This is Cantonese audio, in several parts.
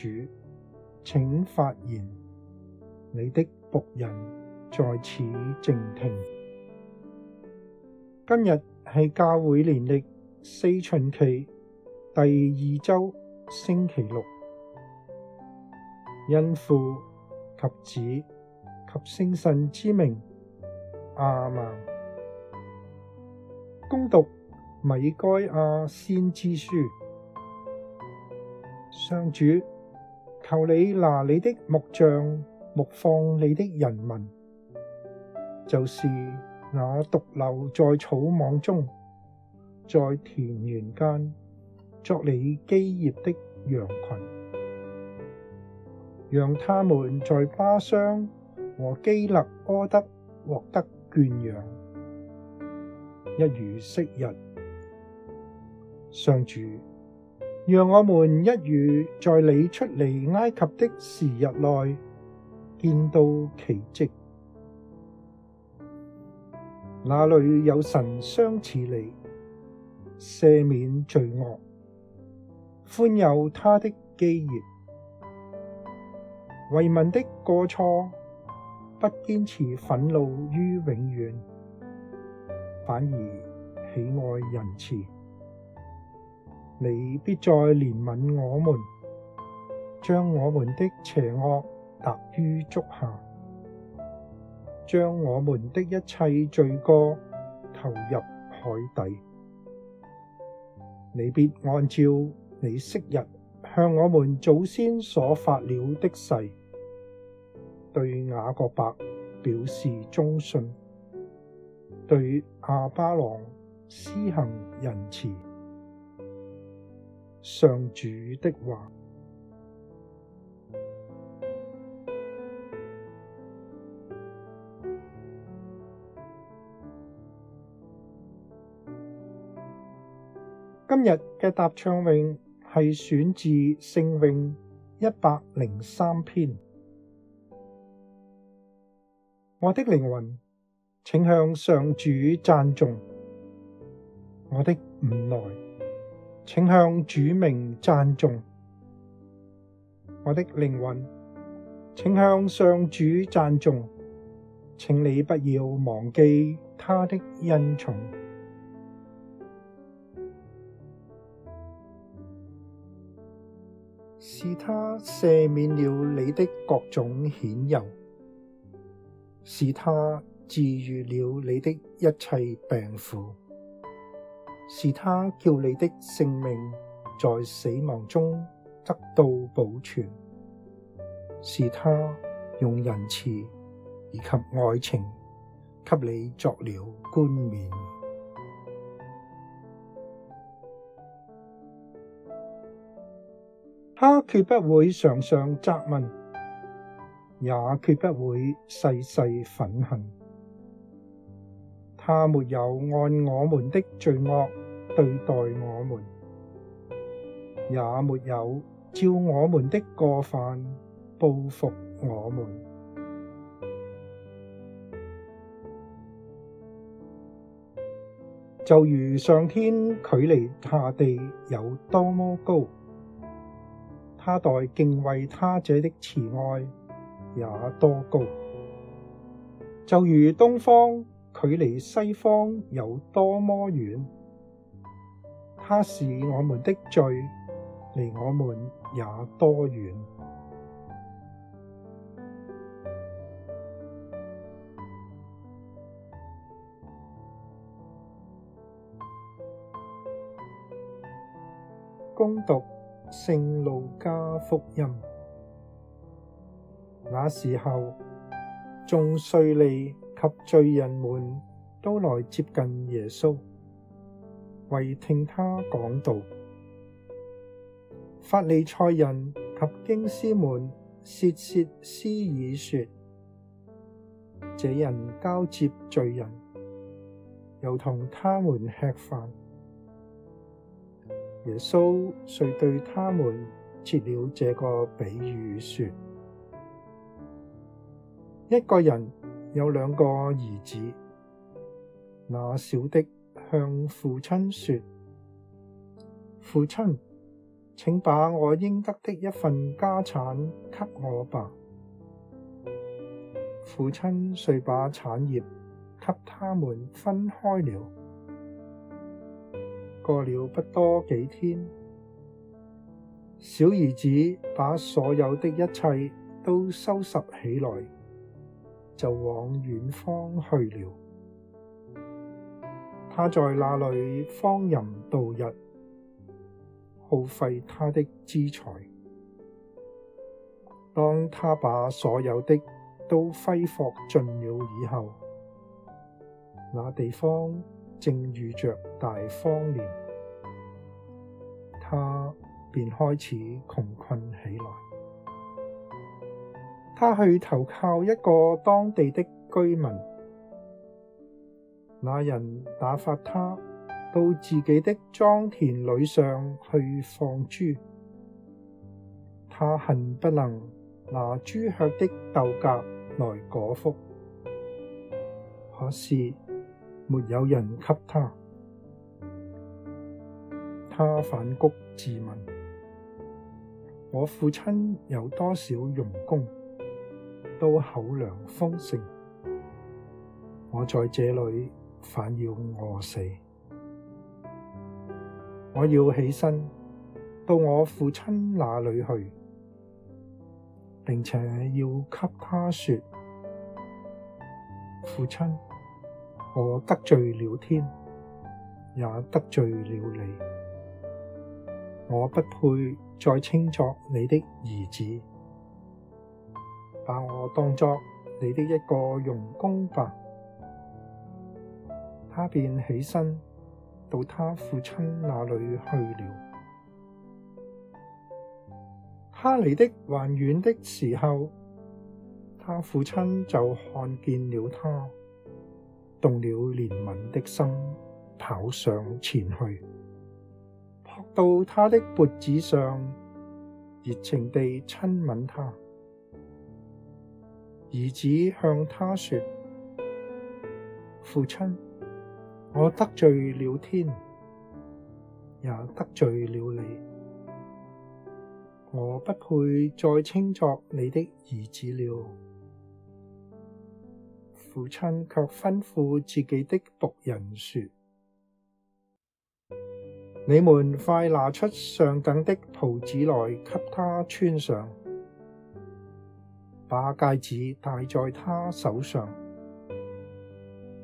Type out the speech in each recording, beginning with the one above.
主，請發言。你的僕人在此靜聽。今日係教會年曆四旬期第二周星期六。因父及子及聖神之名，阿門。恭讀米該亞先知書。上主。求你拿你的牧杖，牧放你的人民，就是那獨留在草莽中，在田園間作你基業的羊群，讓他們在巴商和基肋阿得獲得豢養，一如昔日上主。讓我們一如在你出離埃及的時日內，見到奇蹟。那裡有神相似你，赦免罪惡，寬宥他的基業，為民的過錯，不堅持憤怒於永遠，反而喜愛仁慈。你必再憐憫我們，將我們的邪惡踏於足下，將我們的一切罪過投入海底。你必按照你昔日向我們祖先所發了的誓，對雅各伯表示忠信，對亞巴郎施行仁慈。上主的話。今日嘅答唱詠係選自聖詠一百零三篇。我的靈魂，請向上主讚頌，我的五內。請向主名讚頌。我的靈魂，請向上主讚頌，請你不要忘記他的恩寵， 是他赦免了你的各種愆尤，是他治愈了你的一切病苦。是他叫你的性命在死亡中得到保存，是他用仁慈以及愛情給你作了冠冕。他絕不會常常責問，也絕不會細細憤恨。他沒有按我們的罪惡。對待我們，也沒有照我們的過犯報復我們。就如上天距離下地有多麼高，他待敬畏他者的慈愛也多高。就如東方距離西方有多麼遠。他使我們的罪，離我們也多遠。恭讀《聖路加福音》，那時候，眾稅吏及罪人們都來接近耶穌。為聽他講道，法利賽人及經師們竊竊私議說：這人交接罪人，又同他們吃飯。耶穌遂對他們設了這個比喻說：一個人有兩個兒子，那小的。向父親說：父親，請把我應得的一份家產給我吧。父親遂把產業給他們分開了。過了不多幾天，小兒子把所有的一切都收拾起來，就往遠方去了。他在那裡荒淫度日，耗費他的資財。當他把所有的都揮霍盡了以後，那地方正遇著大荒年，他便開始窮困起來。他去投靠一個當地的居民。那人打發他到自己的莊田裡上去放豬，他恨不能拿豬吃的豆莢來果腹，可是沒有人給他。他反躬自問：我父親有多少傭工，都口糧豐盛，我在這裡，反要餓死，我要起身到我父親那裏去，並且要給他說：父親，我得罪了天，也得罪了你。我不配再稱作你的兒子，把我當作你的一個傭工吧。他便起身到他父親那裏去了。他離的還遠的時候，他父親就看見了他，動了憐憫的心，跑上前去，撲到他的脖子上，熱情地親吻他。兒子向他說：父親。我得罪了天，也得罪了你，我不配再稱作你的兒子了。父親卻吩咐自己的僕人說：你們快拿出上等的袍子來給他穿上，把戒指戴在他手上。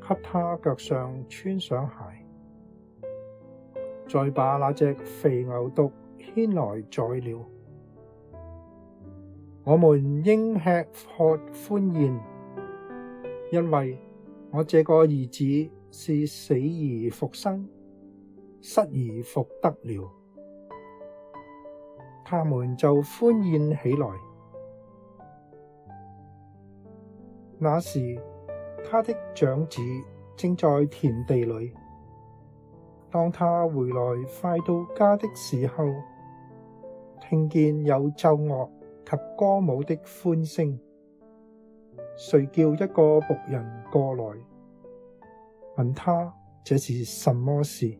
給他腳上穿上鞋，再把那隻肥牛犢牽來宰了。我們應吃喝歡宴，因為我這個兒子是死而復生、失而復得了。他們就歡宴起來，那時。他的長子正在田地裏。當他回來快到家的時候，聽見有奏樂及歌舞的歡聲。遂叫一個僕人過來，問他這是什麼事？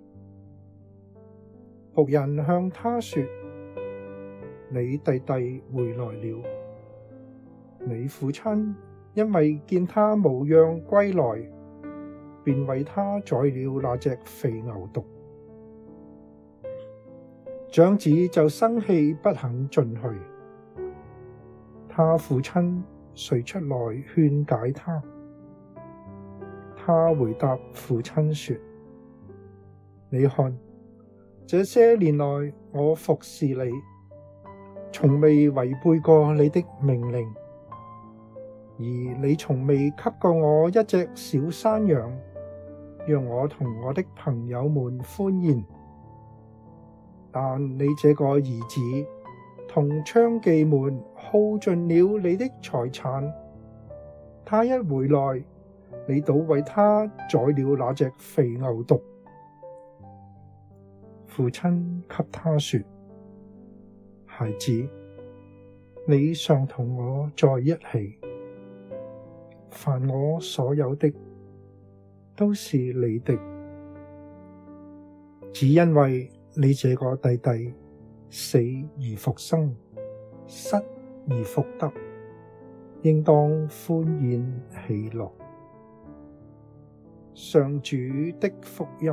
僕人向他說：你弟弟回來了，你父親。因為見他無恙歸來，便為他宰了那隻肥牛犢。長子就生氣，不肯進去。他父親遂出來勸解他。他回答父親說：你看，這些年來我服侍你，從未違背過你的命令。而你從未給過我一隻小山羊，讓我同我的朋友們歡宴。但你這個兒子同娼妓們耗盡了你的財產，他一回來，你倒為他宰了那隻肥牛犢。父親給他說：「孩子，你常同我在一起。凡我所有的，都是你的，只因為你這個弟弟死而復生，失而復得，應當歡宴喜樂。上主的福音。